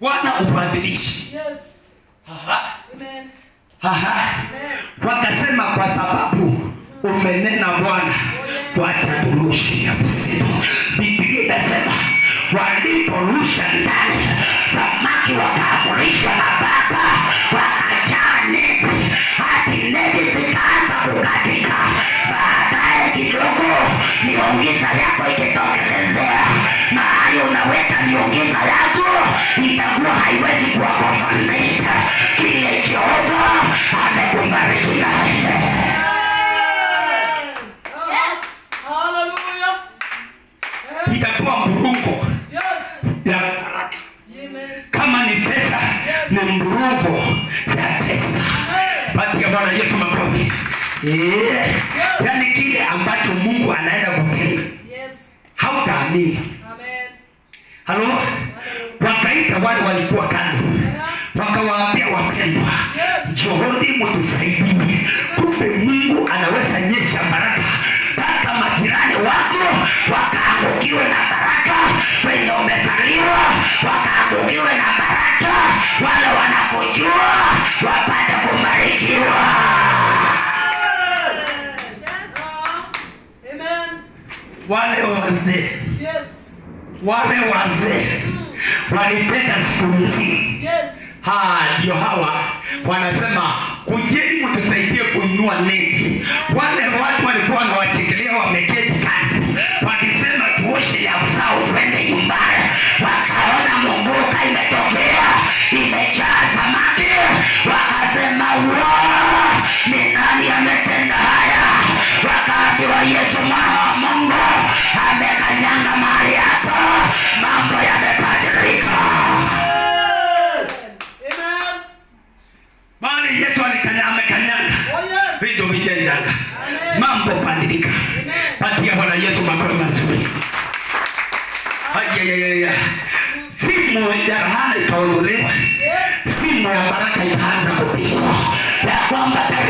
wana ubadilishi. Yes. Wakasema kwa sababu hmm. umenena Bwana, oh, wacha turushi ya kuzimu. bibilia itasema waliporusha ndani, samaki wakaamrishwa na Baba wakajaa neti, neti zikaanza kukatika. Baadaye kidogo miongeza yako ikitokelezea nayo unaweka niongeza yako, itakuwa haiwezi kuwakomalika kile Jehova amekubariki nacho. Itakuwa mburuko ya baraka, kama ni pesa ni ya pesa. Yesu Yaani kile ambacho Mungu anaenda kutenga hautaamini. Halo, wakaita wale walikuwa kando, wakawaambia wapendwa, njooni mtusaidie. Kumbe Mungu anaweza nyesha baraka hata majirani wako wakaangukiwe na baraka, wenye umezaliwa wakaangukiwe na baraka, wale wanakujua wapate kubarikiwa. Wale wazee wale wazee walipenda siku hizi. Ndio hawa wanasema kujeni, mtusaidie kuinua neti wale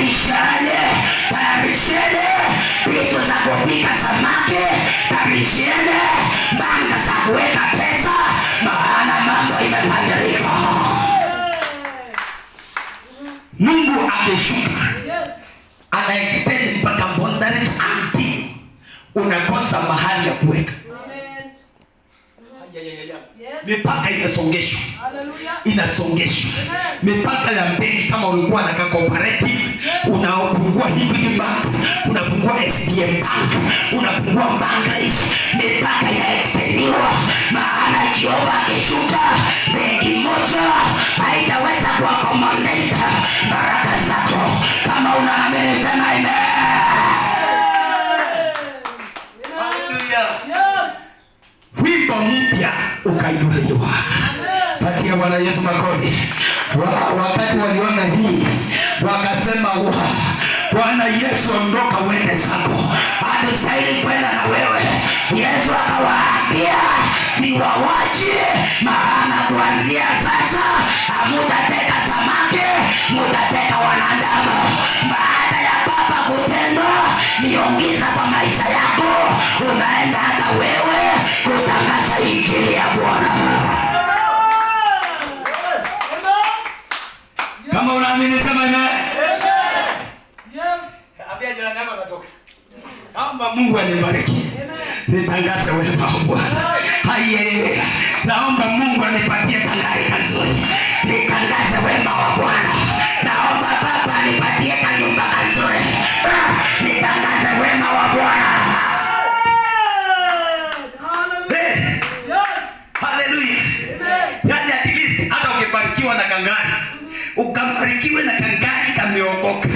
Parishane, parishene, vitu za kupika samake parishene, banda za kuweka pesa, maana mambo imebadilika. Mungu akishuka ana extend mpaka bondaris anti unakosa mahali ya kuweka mipaka, imesongeshwa inasongeshwa. Mipaka ya benki kama ulikuwa na cooperative unapungua, Equity Bank unapungua, SBM Bank unapungua, banka hizi mipaka ya inaextendiwa, maana Jehova akishuka benki moja haitaweza komandeta baraka zako. Kama unaamini sema amen. Wimbo mpya ukai Bwana Yesu makodi Wa, wakati waliona hii wakasema, wa Bwana Yesu, ondoka uende zako, hatustahili kwenda na wewe. Yesu akawaambia niwawachie, maana kuanzia sasa hamutateka samaki, mutateka wanadamu. Baada ya papa kutenda miongeza kwa maisha yako, unaenda hata wewe kutangaza injili ya Bwana. Mungu anibariki nitangaze wema wa Bwana. Naomba Mungu anipatie kandarika nzuri, nitangaze wema wa Bwana. Naomba Baba anipatie kanyumba kanzuri, nitangaze wema wa Bwana. Haleluya! Yaani na kangari, ukabarikiwe na kangari kameokoka.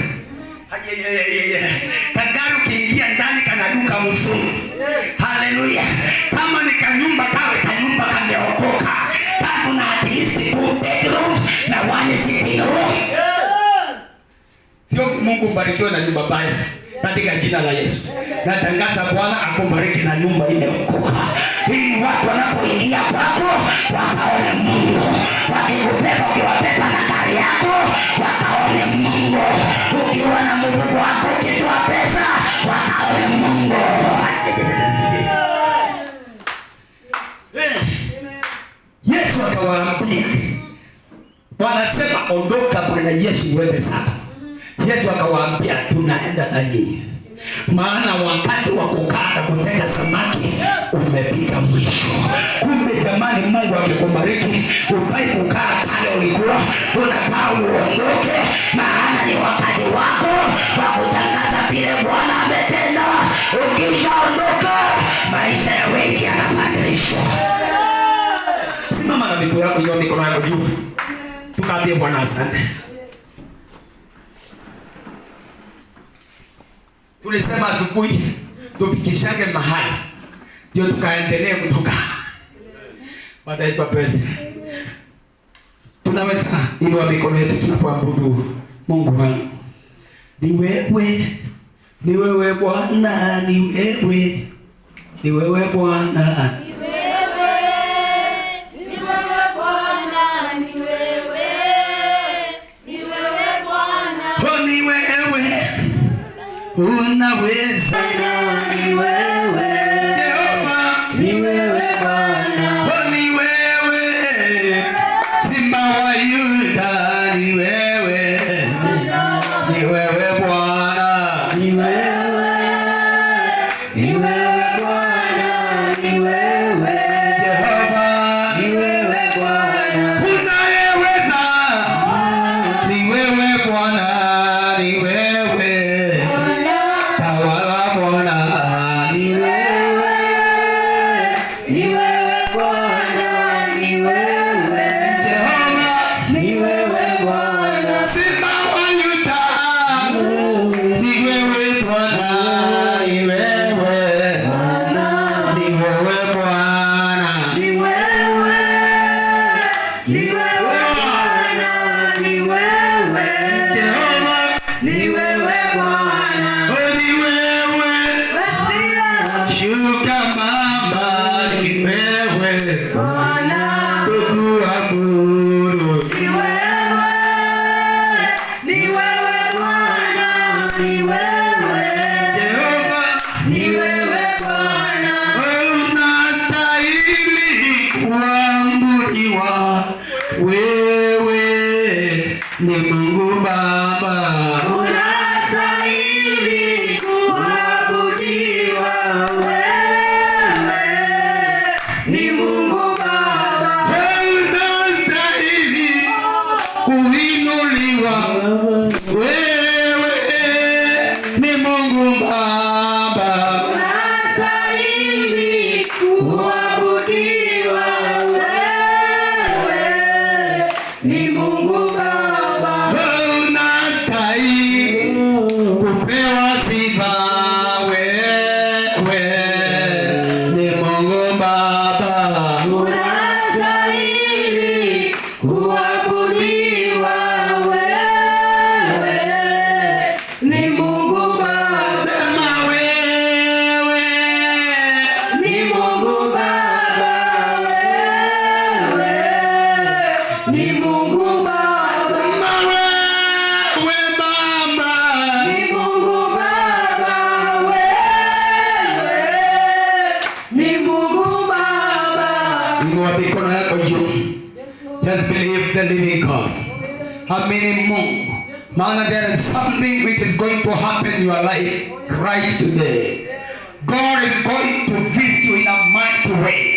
Haleluya! uzuri. Haleluya! Kama ni kanyumba kawe kanyumba kameokoka, kakuna atilisi tu bedroom na one sitting room. Sio Mungu mbarikiwe na nyumba baya katika jina la Yesu. Natangaza Bwana akubariki na nyumba imeokoka, ili watu wanapoingia kwako wakaone Mungu, wakikubeba ukiwabeba na na Yesu uende saba. Yesu akawaambia tunaenda na yeye, maana wakati wa kukata na kutega samaki umefika mwisho. Kumbe jamani, Mungu akikubariki upai kukaa pale ulikuwa unakaa uondoke, maana ni wakati wako wa kutangaza vile Bwana ametenda. Ukishaondoka maisha ya wengi yanabadilishwa. Simama na mikono yako, hiyo mikono yako juu, tukaambie Bwana asante. Tulisema asubuhi tupikishane mahali ndio tukaendelee kutoka wataiswa tunaweza ili wa mikono yetu tunapoabudu Mungu wangu. Ni wewe, ni wewe Bwana, ni wewe, ni wewe Bwana unaweza inua mikono yako juu. Just believe the living God. Amini Mungu, maana there is something which is going to happen in your life right today. God is going to visit you in a mighty way.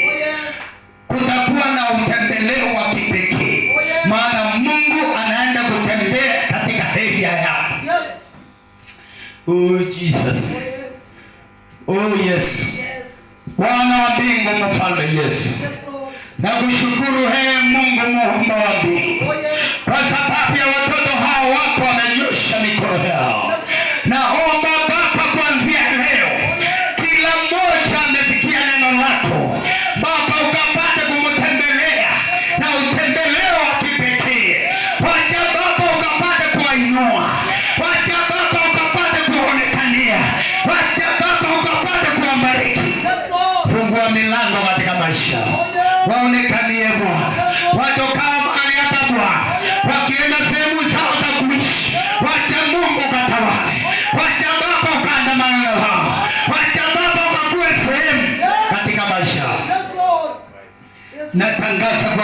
Oh, Kutakuwa na utembeleo wa kipekee, oh, maana Mungu anaenda kutembea katika area yako. Oh Jesus. Oh, oh Yesu. Bwana wa mbingu, mfalme Yesu na kushukuru hee Mungu muumbaji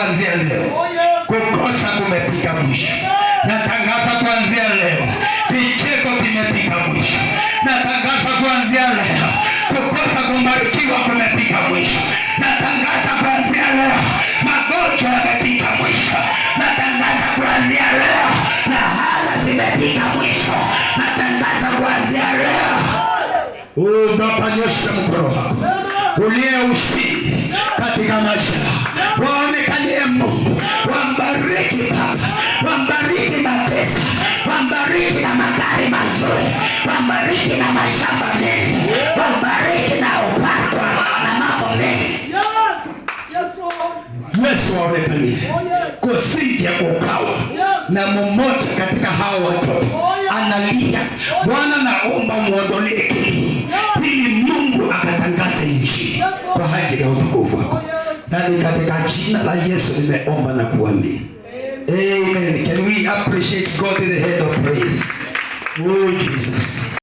kuanzia leo, kukosa kumepika mwisho. Natangaza kuanzia leo, kicheko kimepika mwisho. Natangaza kuanzia leo, kukosa kumbarikiwa kumepika mwisho. Natangaza kuanzia leo, magonjwa yamepika mwisho. Natangaza kuanzia leo, na hala zimepika mwisho. Natangaza kuanzia leo, unapanyesha mkono wako uliyeusi katika maisha waonekanie Mungu, wambariki baba, wambariki na pesa, wambariki na magari mazuri, wambariki na mashamba mengi, wambariki na upako na mambo mengi. Yesu waonekanie oh, kusija kukawa na mmoja katika hao watoto oh, analia, oh, Bwana naomba muondolee jina la Yesu nimeomba na kuamini. Amen. Can we appreciate God in the head of praise? Oh Jesus.